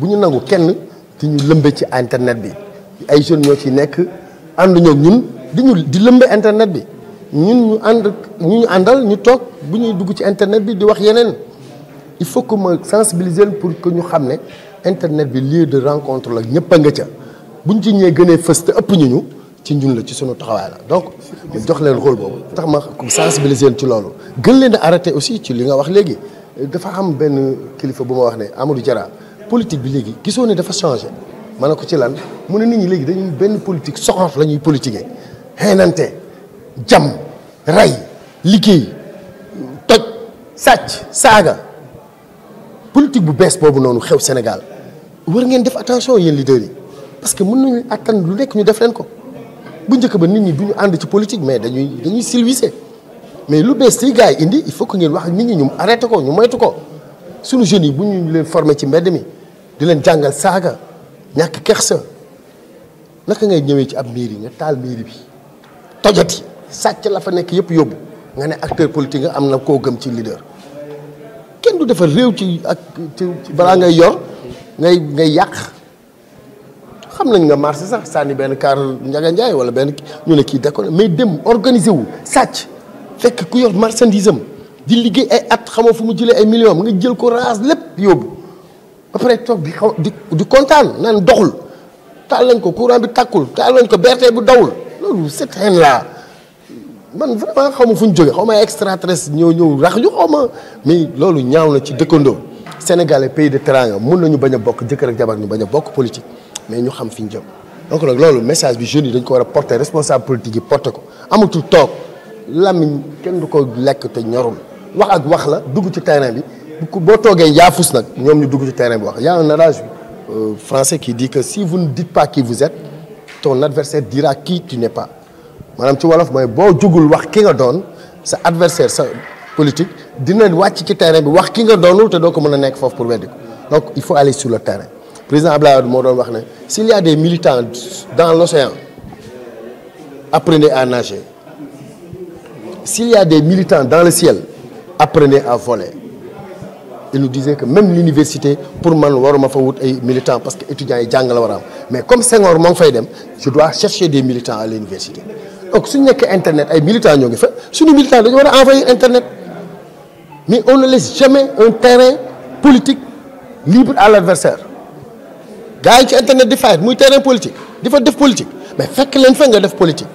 bu ñu nangu kenn te ñu lëmbe ci internet bi ay jeunes ñoo ci nekk ànduñoo ñun di ñu di lëmbe internet bi ñun ñu ànd ñu ñu àndal ñu toog bu ñuy dugg ci internet bi di wax yeneen il faut que ma sensibiliser pour que ñu xam ne internet bi lieu de rencontre la ñëpp a nga ca buñ ci ñee gënee fës te ëpp ñu ñu ci ñun la ci sunu taxawaay la donc ñu jox leen rôle boobu. tax ma sensibiliser leen ci loolu gën leen a arrêté aussi ci li nga wax léegi dafa am benn kilifa bu ma wax ne Amadou Diarra politique bi léegi gisoo ne dafa changé ma ne ko ci lan mu ne nit ñi léegi dañuy benn politique soxor la ñuy politiquer xeenante jam rey liggéey toj sàcc saaga politique bu bees boobu noonu xew Sénégal war ngeen def attention yéen leaders yi parce que mën nañu attan lu nekk ñu def leen ko. bu njëkk ba nit ñi du ñu ànd ci politique mais dañuy dañuy silvissé mais lu bees tey gars yi indi il faut que ngeen wax nit ñi ñu arrêté ko ñu moytu ko suñu jeunes yi bu ñu leen formé ci mbedd mi di leen jàngal saaga ñàkk kersa naka ngay ñëwee ci ab mairie nga taal mairie bi tojati sàcc la fa nekk yëpp yóbbu nga ne acteur politique nga am na koo gëm ci leader kenn du defar réew ci ak ci balaa ngay yor ngay ngay yàq xam nañ nga marché sax sanni benn kaar Ndiaga Ndiaye wala benn ñu ne kii d'accord mais dem organiser wu sàcc fekk ku yor marchandise am di liggéey ay at xamoo fu mu jëlee ay millions nga jël ko raas lépp yóbbu ba pare toog di di di kontaan naan doxul taal nañ ko courant bi tàkkul taal nañ ko bertee bu dawul loolu cette haine là man vraiment xaw ma fu ñu jógee xaw ma ay ñëw ñëw rax ñu xaw ma mais loolu ñaaw na ci dëkkandoo Sénégal pays de teranga mun nañu bañ a bokk jëkkër ak jabar ñu bañ a bokk politique mais ñu xam fi ñu jëm donc nag loolu message bi jeunes yi dañ ko war a porter responsable politique yi porter ko amatul toog làmmiñ kenn du ko lekk te ñorul wax ak wax la dugg ci terrain bi boo toogee yaafus nag ñoom ñu dugg ci terrain bi wax y a un adage euh, français qui dit que si vous ne dites pas qui vous êtes ton adversaire dira qui tu n'es pas maanaam ci wolof mooy boo jugul wax ki nga doon sa adversaire sa politique dina wàcc ci terrain bi wax ki nga doonul te doo ko mën a nekk foofu pour weddi ko donc il le terrain président Abdoulaye Wade moo doon wax ne s'il y a des militants dans l'océan apprenez à nager si y a des militant dans le ciel apprenez à voler il nous disait que même l'université pour man waruma fa wut ay militants parce que étudiants yi jàng la war a am mais comme Senghor moo ngi fay dem je dois chercher des militants à l'université donc suñu nekkee internet ay militants ñoo ngi fa suñu militants dañu war a envahir internet mais on ne laisse jamais un terrain politique libre à l'adversaire gaa yi ci internet di fayet muy terrain politique di fa def politique mais fekk leen fa nga def politique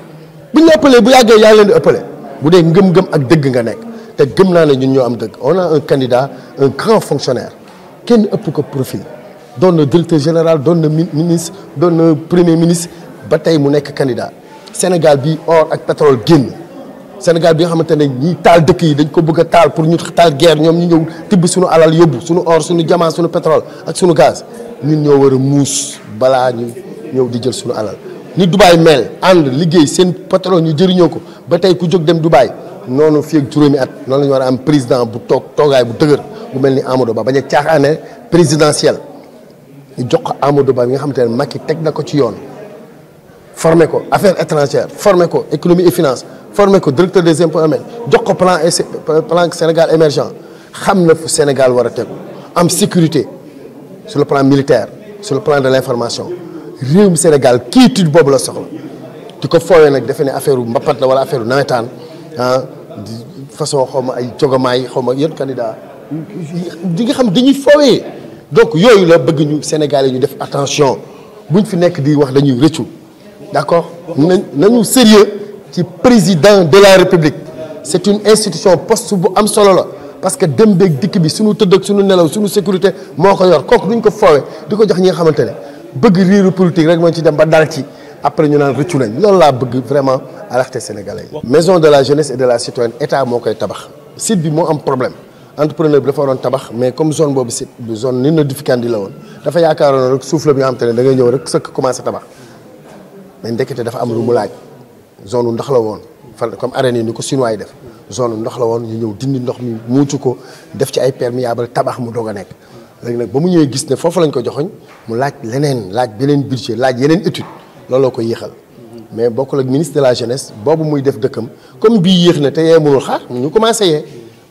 bu ñu ëppalee bu yàggee yaa ngi leen di bu dee ngëm-ngëm ak dëgg nga nekk te gëm naa ne ñun ñoo am dëgg on a un candidat un grand fonctionnaire kenn ëpp ko profil doon na directeur général doon na ministre doon na premier ministre ba tey mu nekk candidat Sénégal bi or ak pétrole génn Sénégal bi nga xamante ne ñiy taal dëkk yi dañ ko bëgg taal pour ñu taal guerre ñoom ñu ñëw tibb suñu alal yóbbu suñu or suñu diamant suñu pétrole ak suñu gaz ñu ñoo war a muus balaa ñu ñëw di jël suñu alal ni Dubaay mel ànd liggéey seen pétrole ñu jëriñoo ko ba tey ku jóg dem Dubaay noonu fii ak juróomi at noonu la ñu war a am président bu toog toogaay bu dëgër bu mel ni Amadou Ba ba a caaxaane présidentiel ñu jox ko Amadou Ba bi nga xamante ne Macky teg na ko ci yoon formé ko affaires étrangères formé ko économie finance formé ko directeur des impôts amel jox ko plan plan Sénégal émergent xam na fu Sénégal war a tegu am sécurité sur le plan militaire sur le plan de l' information réewum Sénégal kiitude boobu la soxla di ko foowee nag defe ne affaire u mbappat la wala affaire u nawetaan ah, façon xaw ma ay jogamaay xaw ma yan candidat di nga xam dañuy foowee donc yooyu la bëgg ñu Sénégalais ñu def attention buñ fi nekk di wax dañuy rëccu d' accord nañ nañu sérieux ci président de la république c'est une institution poste bu am solo la parce que dem beeg dikk bi suñu tëdd ak suñu nelaw suñu sécurité moo ko yor nu ñu ko foowee di ko jox ñi nga xamante ne bëgg riiru politique rek moo ci dem ba dal ci après ñu naan rëccu nañ loolu laa bëgg vraiment alerter sénégalais yi. maison de la jeunesse et de la citoyenne état moo koy tabax site bi moo am problème entrepreneur bi dafa waroon tabax mais comme zone boobu site bi zone ni aedificandi la woon dafa yaakaaroon rek suuf la bi nga xamante ne da ngay ñëw rek sëkk am lu mu laaj. zone ndox la woon fan comme arène yi ni ko chinois yi def zone ndox la woon ñu ñëw dindi ndox mi muucu ko def ci ay perméable tabax mu doog a nekk léegi nag ba mu ñëwee gis ne foofu lañ ko joxoñ mu laaj leneen laaj beneen budget laaj yeneen étude looloo ko yéexal mais bokkul ak ministre de la jeunesse boobu muy def dëkkam comme bii yéex na te yee mënul xaar ñu commencé yee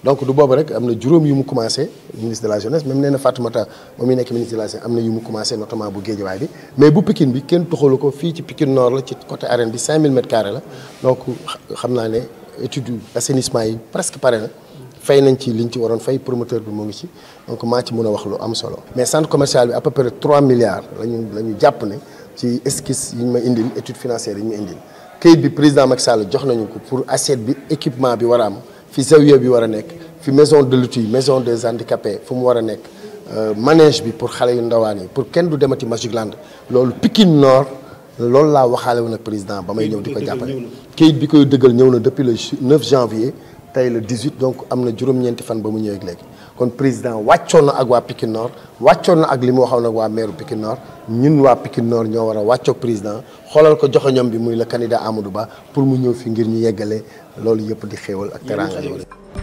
donc du boobu rek am na juróom yi mu commencé ministre de la jeunesse même nee na Fatoumata moom mi nekk ministre de la jeunesse am na yu mu commencé notamment bu Guédiawaye bi mais bu Pikine bi kenn toxalu ko fii ci Pikine Nord la ci côté arène bi 5000 xam naa ne étude assainissement yi presque pare na fay nañ ci liñ ci waroon fay promoteur bi moo ngi ci donc maa ci mën a wax lu am solo mais centre commercial bi à peu près 3 milliards lañu la ñu jàpp ne ci esquisse yi ñu ma indil étude financière yi ñu ma indil kayit bi président Macky Sall jox nañu ko pour assiette bi équipement bi war a am fi zawiya bi war a nekk fi maison de luti yi maison des handicapés fu mu war a nekk euh, manège bi pour xale yu ndawaan yi pour kenn du demati Magic Land loolu Pikine Nord loolu laa waxaale woon ak président ba may ñëw di ko jàppale kayit bi koy dëggal ñëw na depuis le 9 janvier tey le 18 donc am na juróom-ñeenti fan ba mu ñëweek léegi kon président wàccoon na ak waa Pikine wàccoon na ak li mu waxoon ak waa meeru Pikine ñun waa Pikine ñoo war a wàccoog président xoolal ko joxe bi muy la candidat Amadou Ba pour mu ñëw fi ngir ñu yeggale loolu yëpp di xéewal ak teraanga